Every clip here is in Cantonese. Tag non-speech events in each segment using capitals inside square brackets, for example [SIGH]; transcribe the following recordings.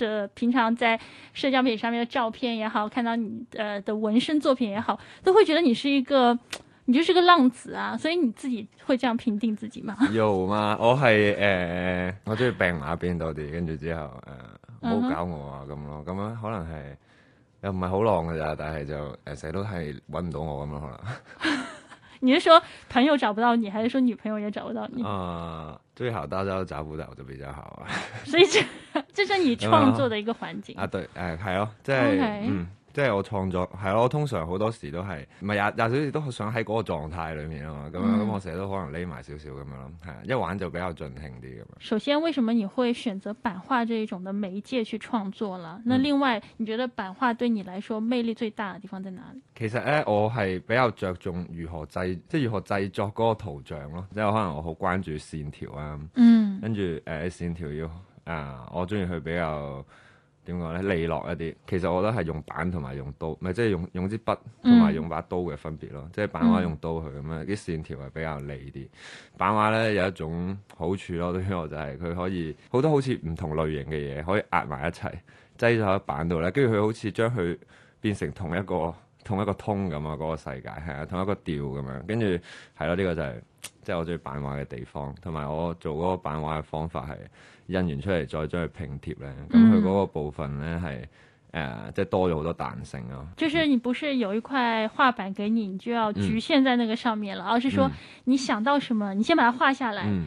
的平常在社交媒體上面的照片也好，看到你，呃的紋身作品也好，都會覺得你是一個，你就是個浪子啊，所以你自己會這樣評定自己嗎？有嘛，我係誒、呃，我中意病馬邊度啲，跟住之後誒、呃，唔好搞我啊咁咯，咁、uh huh. 樣可能係又唔係好浪噶咋，但係就誒成日都係搵唔到我咁咯，可能。是是呃、是 [LAUGHS] [LAUGHS] 你是說朋友找不到你，還是說女朋友也找不到你啊？Uh 最好大家都找不到就比較好啊 [LAUGHS] 所以這這、就是你創作的一個環境、嗯哦、啊，對，誒、嗯，係哦，即係 Okay. 嗯。即係我創作係咯，我通常好多時都係，唔係廿但係少少都好想喺嗰個狀態裏面啊嘛。咁樣咁、嗯，我成日都可能匿埋少少咁樣咯，係啊，一玩就比較盡興啲咁樣啊。首先，為什麼你會選擇版畫這一種的媒介去創作啦？那另外，嗯、你覺得版畫對你來說魅力最大嘅地方在哪裏？其實咧，我係比較着重如何製，即係如何製作嗰個圖像咯。即係可能我好關注線條啊，嗯，跟住誒、呃、線條要啊、呃，我中意去比較。點講咧？利落一啲，其實我覺得係用板同埋用刀，唔係即係用用支筆同埋用把刀嘅分別咯。嗯、即係版畫用刀去咁樣，啲線條係比較利啲。版畫呢有一種好處咯，啲我就係、是、佢可以好多好似唔同類型嘅嘢可以壓埋一齊擠咗喺板度咧，跟住佢好似將佢變成同一個同一個通咁啊，嗰、那個世界係啊，同一個調咁樣，跟住係咯，呢、啊這個就係、是。即係我中意版畫嘅地方，同埋我做嗰個版畫嘅方法係印完出嚟再將佢拼貼咧，咁佢嗰個部分咧係誒，即係多咗好多彈性咯。就是你不是有一塊畫板給你，你就要局限在那個上面了，而是說你想到什麼，嗯、你先把它畫下來。嗯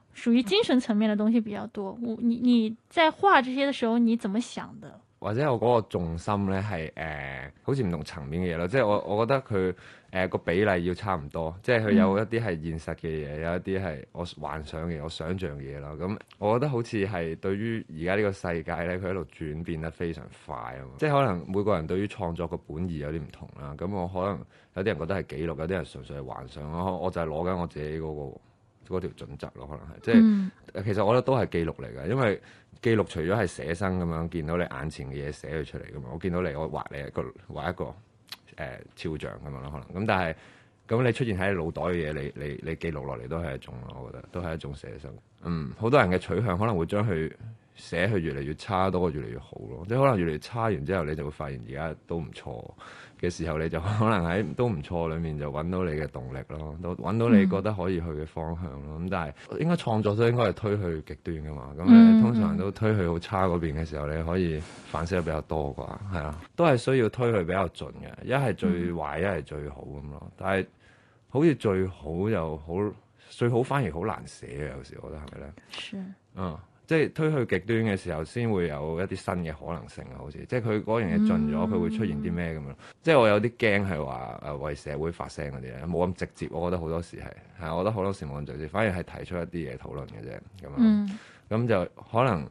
屬於精神層面嘅東西比較多，我你你在畫這些的時候，你怎麼想的？或者我嗰個重心呢係誒，好似唔同層面嘅嘢咯，即係我我覺得佢誒、呃、個比例要差唔多，即係佢有一啲係現實嘅嘢，嗯、有一啲係我幻想嘅我想象嘅嘢啦。咁我覺得好似係對於而家呢個世界呢，佢喺度轉變得非常快啊，即係可能每個人對於創作嘅本意有啲唔同啦。咁我可能有啲人覺得係記錄，有啲人純粹係幻想咯。我就係攞緊我自己嗰、那個。嗰條準則咯，可能係即係其實我覺得都係記錄嚟㗎，因為記錄除咗係寫生咁樣見到你眼前嘅嘢寫咗出嚟㗎嘛，我見到你我畫你一個畫一個誒肖像咁樣啦，可能咁但係咁你出現喺腦袋嘅嘢，你你你記錄落嚟都係一種咯，我覺得都係一種寫生。嗯，好多人嘅取向可能會將佢寫去越嚟越差，多過越嚟越好咯，即係可能越嚟越差完之後，你就會發現而家都唔錯嘅時候，你就可能喺都唔錯裏面就揾到你嘅動力咯，都揾到你覺得可以去嘅方向咯。咁但係應該創作都應該係推去極端噶嘛。咁通常都推去好差嗰邊嘅時候，你可以反思得比較多啩，係啊，都係需要推去比較盡嘅，一係最壞，一係最好咁咯。但係好似最好又好最好，反而好，好，好，好難寫嘅。有時我覺得係咪咧？是嗯。即係推去極端嘅時候，先會有一啲新嘅可能性啊！好似即係佢嗰樣嘢盡咗，佢、嗯、會出現啲咩咁啊？即係我有啲驚係話誒為社會發聲嗰啲咧，冇咁直接。我覺得好多時係係，我覺得好多時冇咁直接，反而係提出一啲嘢討論嘅啫咁啊。咁、嗯、就可能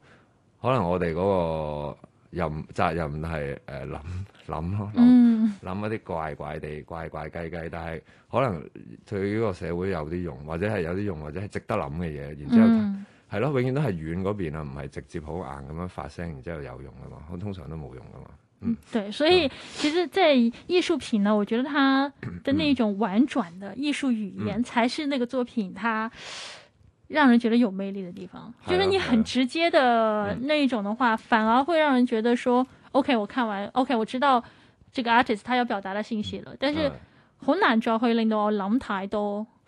可能我哋嗰個任責任係誒諗諗咯，諗、呃、一啲怪怪地、怪怪計計，但係可能對呢個社會有啲用，或者係有啲用，或者係值得諗嘅嘢。然之後、嗯。係咯，永遠都係遠嗰邊啊，唔係直接好硬咁樣發聲，然之後有用噶嘛？通常都冇用噶嘛。嗯，對，所以其實即係藝術品呢，我覺得它的那一種婉轉的藝術語言，才是那個作品它讓人覺得有魅力的地方。就是你很直接的那一種的話，反而會讓人覺得說，OK，我看完，OK，我知道這個 artist 他要表達的信息了，但是好難再去令到我諗太多。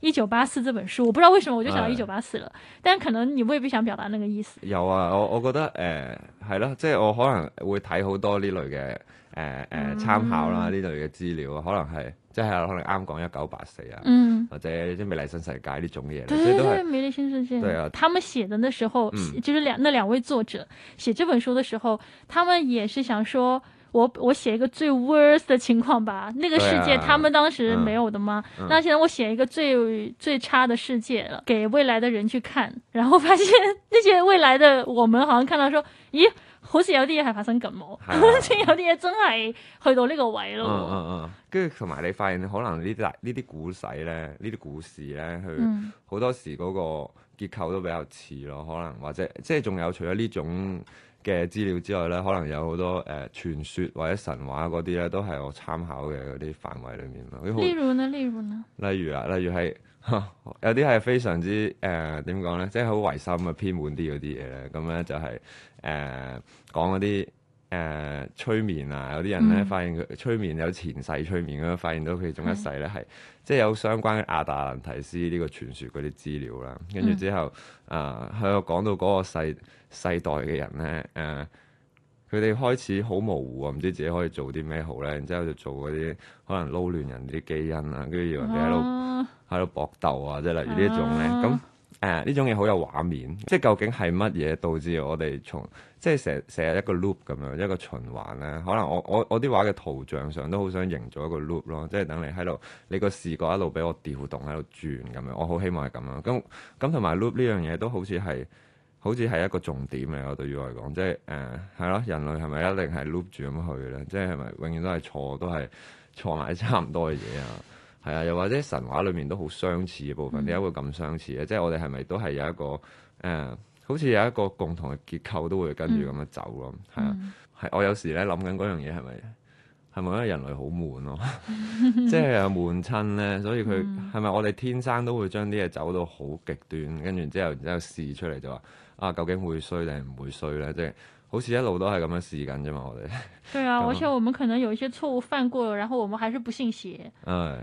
一九八四這本書，我不知道為什麼我就想到一九八四了，啊、但可能你未必想表達那個意思。有啊，我我覺得，誒、呃，係咯、啊，即、就、係、是、我可能會睇好多呢類嘅，誒、呃、誒，參考啦，呢、嗯、類嘅資料，可能係即係可能啱講一九八四啊，嗯、或者《美麗新世界》呢種嘢。對對對，美《美麗新世界》。對啊。他們寫的那時候，嗯、就是兩那兩位作者寫這本書的時候，他們也是想說。我我寫一個最 worst 的情況吧，那個世界他們當時沒有的嗎？那現在我寫一個最最差的世界了，給未來的人去看，然後發現那些未來的我們，好像看到說，咦，好似有啲嘢係發生梗，好似有啲嘢真係去到呢個位咯。嗯嗯，跟住同埋你發現可能呢啲呢啲古仔咧，呢啲故事咧，佢好多時嗰個結構都比較似咯，可能或者即係仲有除咗呢種。嘅資料之外咧，可能有好多誒、呃、傳說或者神話嗰啲咧，都係我參考嘅嗰啲範圍裡面咯。例如啊，例如係有啲係非常之誒點講咧？即係好唯心啊，偏門啲嗰啲嘢咧，咁咧就係、是、誒、呃、講嗰啲。誒、呃、催眠啊，有啲人咧發現佢催眠有前世催眠咁樣，發現到佢仲一世咧係，的即係有相關亞特蘭提斯呢個傳説嗰啲資料啦。跟住之後，啊喺度講到嗰個世世代嘅人咧，誒佢哋開始好模糊，啊，唔知自己可以做啲咩好咧。然之後就做嗰啲可能撈亂人啲基因啊，跟住以為佢喺度喺度搏鬥啊，即係例如呢一種咧咁。啊啊誒呢、uh, 種嘢好有畫面，即係究竟係乜嘢導致我哋從即係成日成日一個 loop 咁樣一個循環咧？可能我我我啲畫嘅圖像上都好想營造一個 loop 咯，即係等你喺度，你個視覺一路俾我調動喺度轉咁樣，我好希望係咁樣。咁咁同埋 loop 呢樣嘢都好似係好似係一個重點嚟，我對於我嚟講，即係誒係咯，人類係咪一定係 loop 住咁去咧？即係係咪永遠都係錯，都係錯埋差唔多嘅嘢啊？係啊，又 [MUSIC] 或者神話裏面都好相似嘅部分，點解會咁相似嘅？嗯、即係我哋係咪都係有一個誒、呃，好似有一個共同嘅結構都會跟住咁樣走咯？係啊、嗯，係我有時咧諗緊嗰樣嘢係咪係咪因為人類好悶咯？即係、嗯、 [LAUGHS] 悶親咧，所以佢係咪我哋天生都會將啲嘢走到好極端，跟住之後然之後試出嚟就話啊，究竟會衰定係唔會衰咧？即、就、係、係、好似一路都係咁樣試緊啫嘛，我哋。對啊， [LAUGHS] 嗯、而且我們可能有一些錯誤犯過，然後我們還是不信邪。誒。 [MUSIC] [MUSIC] 嗯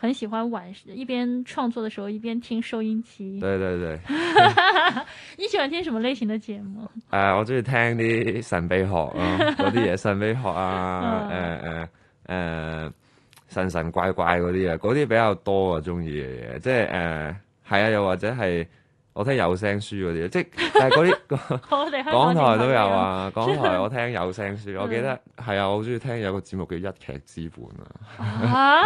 很喜歡玩一邊創作的時候一邊聽收音機。對對對， [LAUGHS] [LAUGHS] 你喜歡聽什麼類型的節目？誒、呃，我中意聽啲神秘學啊，啲嘢 [LAUGHS] 神秘學啊，誒誒誒，神神怪怪嗰啲啊，嗰啲比較多啊，中意嘅嘢，即係誒，係、呃、啊，又或者係。我聽有聲書嗰啲，即係嗰啲港台都有啊。港台我聽有聲書，我記得係啊， [LAUGHS] 我好中意聽有個節目叫《一劇之本》 [LAUGHS] 啊，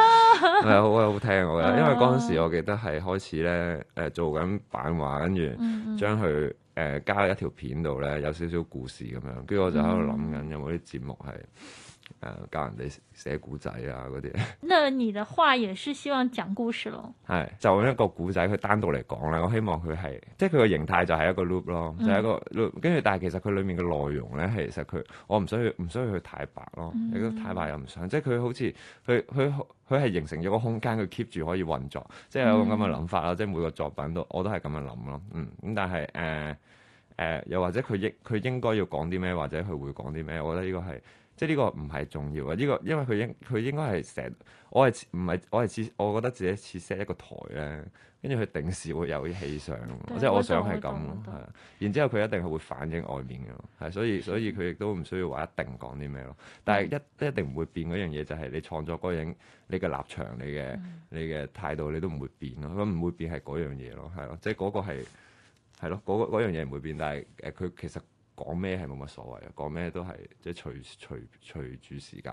係好嘅，我覺得因為嗰陣時我記得係開始咧，誒、呃、做緊版畫，跟住將佢誒、呃、加一條片度咧，有少少故事咁樣，跟住我就喺度諗緊有冇啲節目係。嗯。誒、啊，教人哋寫古仔啊，嗰啲。 [LAUGHS] 那你嘅話也是希望講故事咯？係就一個古仔，佢單獨嚟講啦。我希望佢係即係佢個形態就係一個 loop 咯，嗯、就一個 loop。跟住，但係其實佢裏面嘅內容咧，其實佢我唔想要唔需要去太白咯。你、嗯、太白又唔想，即係佢好似佢佢佢係形成咗個空間，佢 keep 住可以運作，即係有咁嘅諗法啦。嗯、即係每個作品都我都係咁樣諗咯。嗯咁，但係誒誒，又或者佢應佢應該要講啲咩，或者佢會講啲咩？我覺得呢個係。即係呢個唔係重要啊。呢、這個因為佢應佢應該係成，我係唔係我係設，我覺得自己設 set 一個台咧，跟住佢定時會有啲氣相。對即係是我想係咁，係。然之後佢一定係會反映外面嘅咯，係所以所以佢亦都唔需要話一定講啲咩咯。但係一一定唔會變嗰樣嘢，就係你創作嗰影你嘅立場、你嘅你嘅態度，你都唔會變咯。咁唔會變係嗰樣嘢咯，係咯，即係嗰個係係咯，嗰樣嘢唔會變，但係誒佢其實。講咩係冇乜所謂啊！講咩都係即係隨隨隨住時間。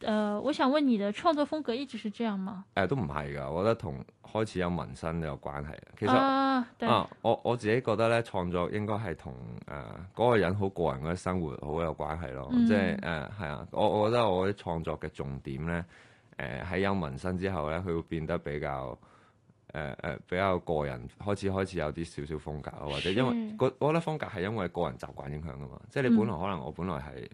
誒、呃，我想問你嘅創作風格一直是這樣嗎？誒、呃，都唔係噶，我覺得同開始有紋身都有關係。其實啊，啊，我我自己覺得咧，創作應該係同誒嗰個人好個人嘅生活好有關係咯。嗯、即係誒，係、呃、啊，我我覺得我啲創作嘅重點咧，誒、呃、喺有紋身之後咧，佢會變得比較。誒誒比較個人開始開始有啲少少風格啊，或者因為我我覺得風格係因為個人習慣影響噶嘛，即係你本來可能我本來係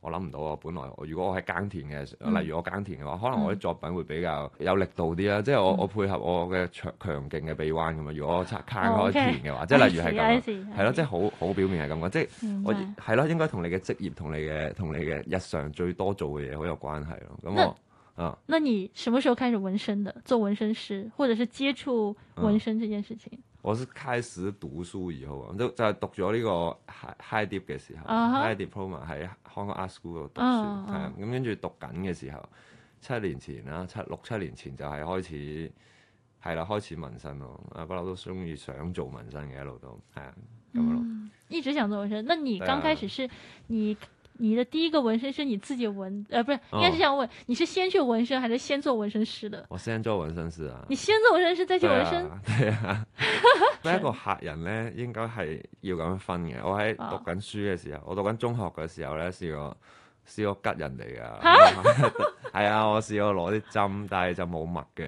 我諗唔到，我本來如果我係耕田嘅，例如我耕田嘅話，可能我啲作品會比較有力度啲啦。即係我我配合我嘅強強勁嘅臂彎咁嘛。如果我拆坑開田嘅話，即係例如係咁，係咯，即係好好表面係咁講，即係我係咯，應該同你嘅職業、同你嘅同你嘅日常最多做嘅嘢好有關係咯，咁我。啊，uh, 那你什麼時候開始紋身的？做紋身師，或者是接觸紋身這件事情？Uh, 我是開始讀書以後啊，就在讀咗呢個 high deep 嘅時候、uh huh.，high diploma 喺 Hong Kong Art School 度讀書，係啊、uh，咁跟住讀緊嘅時候，七年前啦，七六七年前就係開始，係啦，開始紋身咯。阿不嬲都中意想做紋身嘅，一路都係啊咁咯。一直想做紋身，那你剛開始是 Yeah. 你。你的第一個紋身是你自己紋，誒、呃，不是，應該是這樣問，哦、你是先去紋身，還是先做紋身師的？我先做紋身師啊，你先做紋身師再去紋身對、啊，對啊，每 [LAUGHS] 一 [LAUGHS] 個客人咧，應該係要咁樣分嘅。我喺讀緊書嘅時候，哦、我讀緊中學嘅時候咧，試過試過吉人嚟㗎，係啊， [LAUGHS] [LAUGHS] 啊，我試過攞啲針，但係就冇墨嘅。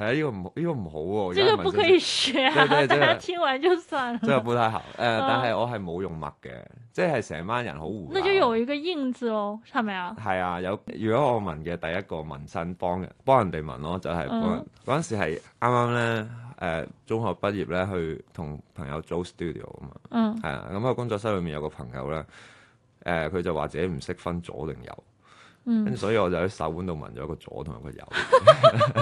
係，呢個唔呢、這個唔好喎、哦，呢個唔可以學、啊、是大家聽完就算啦，真係是 [LAUGHS] 不太好誒。呃嗯、但係我係冇用墨嘅，即係成班人好糊。咁就有一個印字咯，係咪啊？係啊，有如果我紋嘅第一個紋身幫人幫人哋紋咯，就係嗰陣時係啱啱咧誒，中學畢業咧去同朋友租 studio 啊嘛。嗯，啊，咁、那、喺、個、工作室裏面有個朋友咧，誒、呃、佢就話自己唔識分左定右，跟住、嗯、所以我就喺手腕度紋咗個左同埋個右。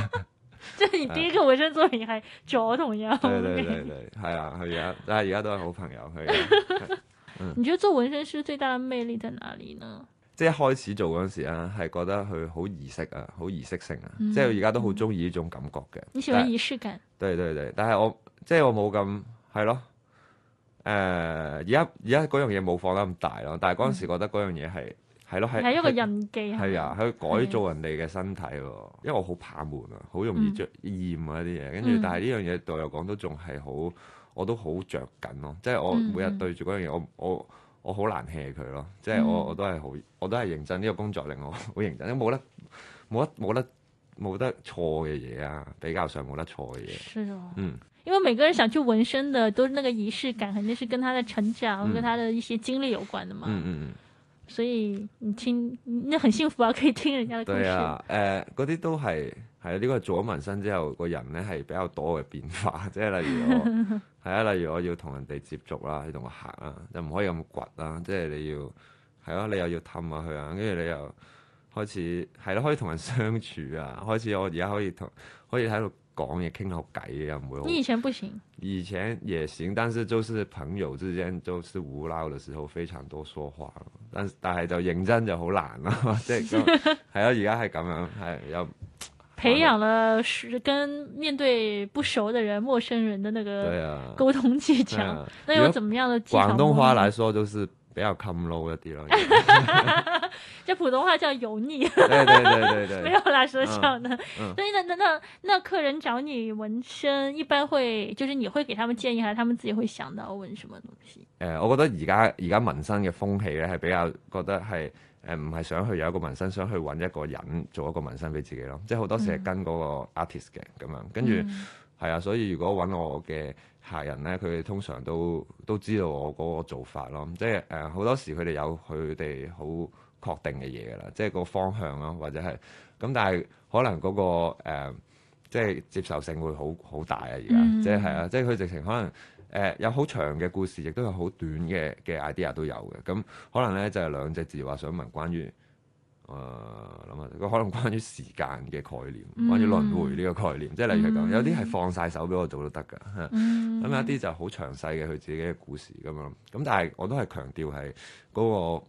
[LAUGHS] [LAUGHS] 即係 [LAUGHS] 你第一個紋身作品係左同右，係 [LAUGHS] 啊，係啊，但係而家都係好朋友。 [LAUGHS] 嗯、你覺得做紋身師最大的魅力在哪裏呢？即係一開始做嗰時啊，係覺得佢好儀式啊，好儀式性啊，嗯、即係我而家都好中意呢種感覺嘅。嗯、但你喜歡儀式感？對對對，但係我即係我冇咁係咯，誒、呃，而家而家嗰樣嘢冇放得咁大咯，但係嗰時覺得嗰樣嘢係。嗯係咯，係一個印記。係啊，去改造人哋嘅身體喎，因為我好怕悶啊，好容易着厭啊啲嘢。跟住，但係呢樣嘢，我又講都仲係好，我都好着緊咯。即係我每日對住嗰樣嘢，我我我好難 hea 佢咯。即係我我都係好，我都係認真。呢、呢個工作令我好認真，因為冇得冇得冇得冇得錯嘅嘢啊，比較上冇得錯嘅嘢。哦、嗯，因為每個人想去紋身的，都係那個儀式感，肯定是跟他的成長，嗯、跟他的一些經歷有關的嘛嗯。嗯嗯。所以你聽，你很幸福啊，可以聽人家嘅故事。對誒，嗰啲都係係啊，呢、呃、個做咗紋身之後，個人咧係比較多嘅變化。即係例如我，係 [LAUGHS] 啊，例如我要同人哋接觸啦、啊，你同我行啦、啊，就唔可以咁掘啦。即係你要係咯、啊，你又要氹下佢啊，跟住你又開始係咯、啊，可以同人相處啊，開始我而家可以同可以喺度。講嘢傾好偈，一樣冇。你以前不行，以前也行，但是就是朋友之間，就是無聊的時候非常多說話咯。但但係就認真就好難啦，即係係咯，而家係咁樣係又。培養了跟面對不熟的人、陌生人的那個溝通技巧，那有怎麼樣的？啊、廣東話來說，就是。比較襟 low 一啲咯，即係普通話叫油膩。 [LAUGHS] 對對對對對， [LAUGHS] 沒有啦，說笑呢。嗯嗯、所以，等等等，那客人找你紋身，一般會，就是你會給他們建議，還是他們自己會想到紋什麼東西？誒、呃，我覺得而家而家紋身嘅風氣咧，係比較覺得係誒，唔、呃、係想去有一個紋身，想去揾一個人做一個紋身俾自己咯。即係好多時係跟嗰個 artist 嘅咁、嗯、樣，跟住係啊。所以如果揾我嘅。嗯客人咧，佢哋通常都都知道我嗰個做法咯，即係誒，好多時佢哋有佢哋好確定嘅嘢噶啦，即係、呃、個方向咯，或者係咁，但係可能嗰、那個誒、呃、即係接受性會好好大啊！而家即係係啊，嗯、即係佢直情可能誒、呃、有好長嘅故事，亦都有好短嘅嘅 idea 都有嘅，咁、嗯、可能咧就係、是、兩隻字話想問關於。誒，諗下佢可能關於時間嘅概念，關於輪迴呢個概念，嗯、即係例如講，有啲係放晒手俾我做都得噶，咁有一啲就好詳細嘅佢自己嘅故事咁樣。咁但係我都係強調係嗰個，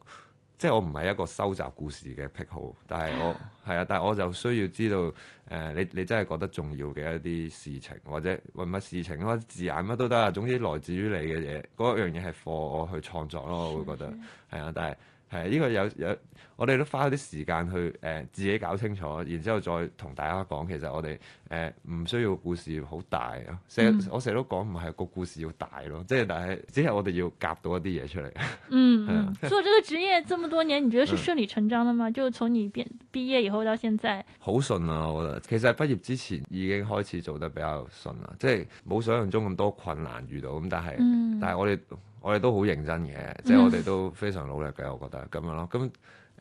即係我唔係一個收集故事嘅癖好，但係我係 [LAUGHS] 啊，但係我就需要知道，誒、呃，你你真係覺得重要嘅一啲事情，或者為乜事情，或者字眼乜都得啊，總之來自於你嘅嘢，嗰樣嘢係 for 我去創作咯，我會覺得係 [LAUGHS] 啊，但係。係，呢、這個有有，我哋都花咗啲時間去誒、呃、自己搞清楚，然之後再同大家講。其實我哋誒唔需要故事好大啊，成、嗯、我成日都講唔係個故事要大咯，即係但係只係我哋要夾到一啲嘢出嚟。嗯，吧做這個職業這麼多年，你覺得是順理成章的嗎？嗯、就從你畢畢業以後到現在，好順啊！我覺得其實畢業之前已經開始做得比較順啦、啊，即係冇想象中咁多困難遇到咁，但係、嗯、但係我哋。我哋都好認真嘅，即係我哋都非常努力嘅，我覺得咁樣咯。咁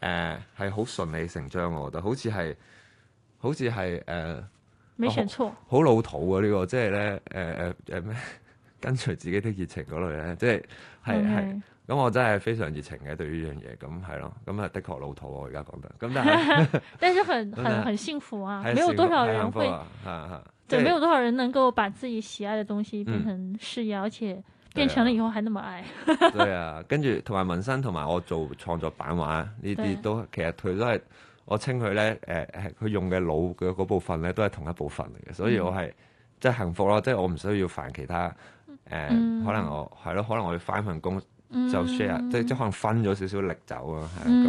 誒係好順理成章，我覺得好似係好似係誒，呃、沒選錯好，好老土啊！呢、這個即係咧誒誒誒咩？跟、就、隨、是呃呃、自己的熱情嗰類咧，即係係係。咁、嗯嗯嗯、我真係非常熱情嘅對呢樣嘢，咁係咯。咁啊，的確老土我而家講得咁，但係，但是，但是很很、啊、很幸福啊！沒有多少人會啊啊！對，沒有多少人能夠把自己喜愛嘅東西變成事業，而且。變成了以後還那麼矮。對啊，跟住同埋紋身，同埋我做創作版畫呢啲都，其實佢都係我稱佢咧，誒誒，佢用嘅腦嘅嗰部分咧都係同一部分嚟嘅，所以我係即係幸福咯，即係我唔需要煩其他，誒，可能我係咯，可能我要翻份工就 share，即係即係可能分咗少少力走咯，係咁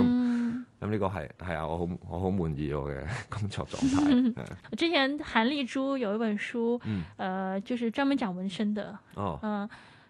咁呢個係係啊，我好我好滿意我嘅工作狀態。之前韓麗珠有一本書，誒，就是專門講紋身嘅。哦，嗯。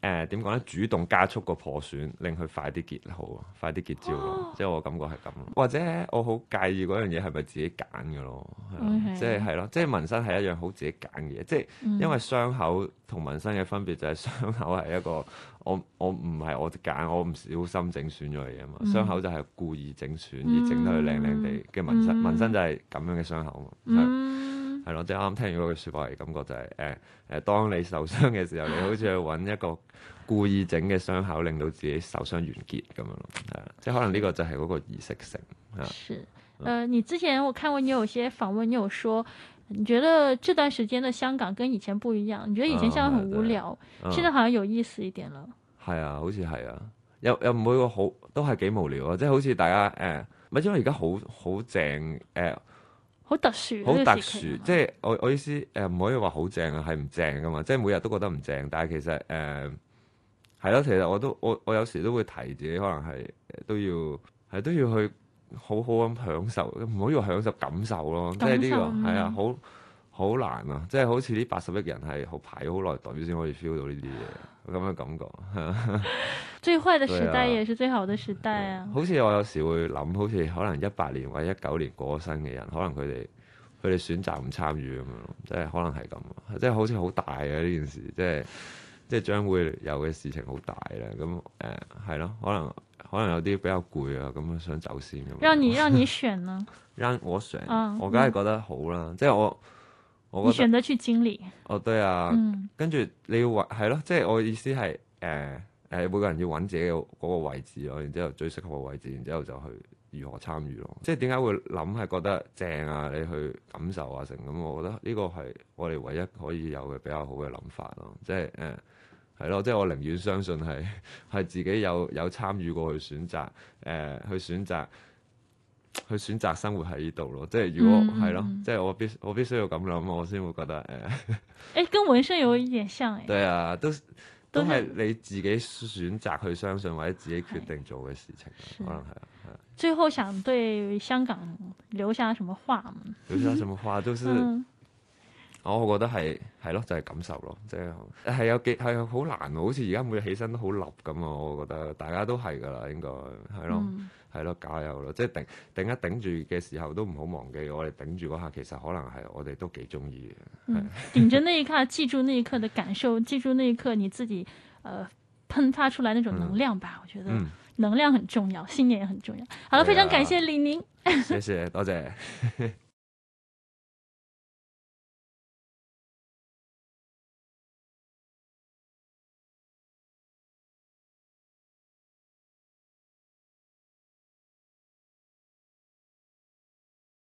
誒點講咧？主動加速個破損，令佢快啲結好，快啲結焦咯。哦、即係我感覺係咁。或者我好介意嗰樣嘢係咪自己揀嘅咯？Okay. 即係係咯，即係紋身係一樣好自己揀嘅嘢。即係因為傷口同紋身嘅分別就係傷口係一個我我唔係我揀，我唔小心整損咗嘢啊嘛。嗯、傷口就係故意整損而整得佢靚靚地嘅紋身，紋身、嗯嗯、就係咁樣嘅傷口啊嘛。係咯，即係啱啱聽完嗰個說話嚟，感覺就係誒誒，當你受傷嘅時候，你好似去揾一個故意整嘅傷口，令到自己受傷完結咁樣咯。係、呃、是即係可能呢個就係嗰個儀式性。呃、是，誒、呃，你之前我看過你有些訪問，你有說你覺得這段時間的香港跟以前不一樣？你覺得以前香港很無聊，現在、嗯嗯、好像有意思一點了。係啊，好似係啊，又又唔會好都係幾無聊啊，即係好似大家誒，唔、呃、因為而家好好正誒。呃好特殊，好特殊，即係我我意思，誒、呃、唔可以話好正啊，係唔正噶嘛，即係每日都覺得唔正，但係其實誒係咯，其實我都我我有時都會提自己，可能係都要係都要去好好咁享受，唔可以話享受感受咯，即係呢個係啊，好好難啊，即係好似呢八十億人係排好耐，代表先可以 feel 到呢啲嘢。咁嘅感覺， [LAUGHS] 最壞嘅時代也是最好的時代啊！ [MUSIC] 好似我有時會諗，好似可能一八年或者一九年過身嘅人，可能佢哋佢哋選擇唔參與咁樣咯，即係可能係咁，即係好似好大嘅、啊、呢件事，即係即係將會有嘅事情好大喇。咁誒係咯，可能可能有啲比較攰啊，咁想走先咁樣。讓你讓你選啦、啊， [LAUGHS] 讓我選，啊、我梗係覺得好啦，嗯、即係我。我選擇去經歷，哦對啊，嗯、跟住你要揾係咯，即係、啊就是、我嘅意思係，誒、呃、誒、呃，每個人要揾自己嗰個位置咯，然之後最適合嘅位置，然之後就去如何參與咯。即係點解會諗係覺得正啊？你去感受啊，成咁，我覺得呢個係我哋唯一可以有嘅比較好嘅諗法咯。即係誒，係、呃、咯，即係、啊就是、我寧願相信係係自己有有參與過去選擇，誒、呃、去選擇。去選擇生活喺呢度咯，即係如果係、嗯、咯，即係我必我必須要咁諗，我先會覺得誒，誒、哎欸，跟紋身有一點像誒， [LAUGHS] 對啊，都啊都係你自己選擇去相信或者自己決定做嘅事情，是可能係啊。最後想對香港留下什麼話？留下什麼話？都、就是。 [LAUGHS] 嗯我覺得係係咯，就係、是、感受咯，即係係有幾係好難，好似而家每日起身都好立咁啊！我覺得大家都係噶啦，應該係咯，係咯，加油咯！即、就、係、是、頂頂一頂住嘅時候都唔好忘記，我哋頂住嗰下其實可能係我哋都幾中意嘅。頂住那一刻，記住那一刻嘅感受，記住那一刻你自己，呃，噴發出來那種能量吧！嗯、我覺得能量很重要，信念也很重要。好啦，啊、非常感謝李寧，您謝謝，多謝。 [LAUGHS]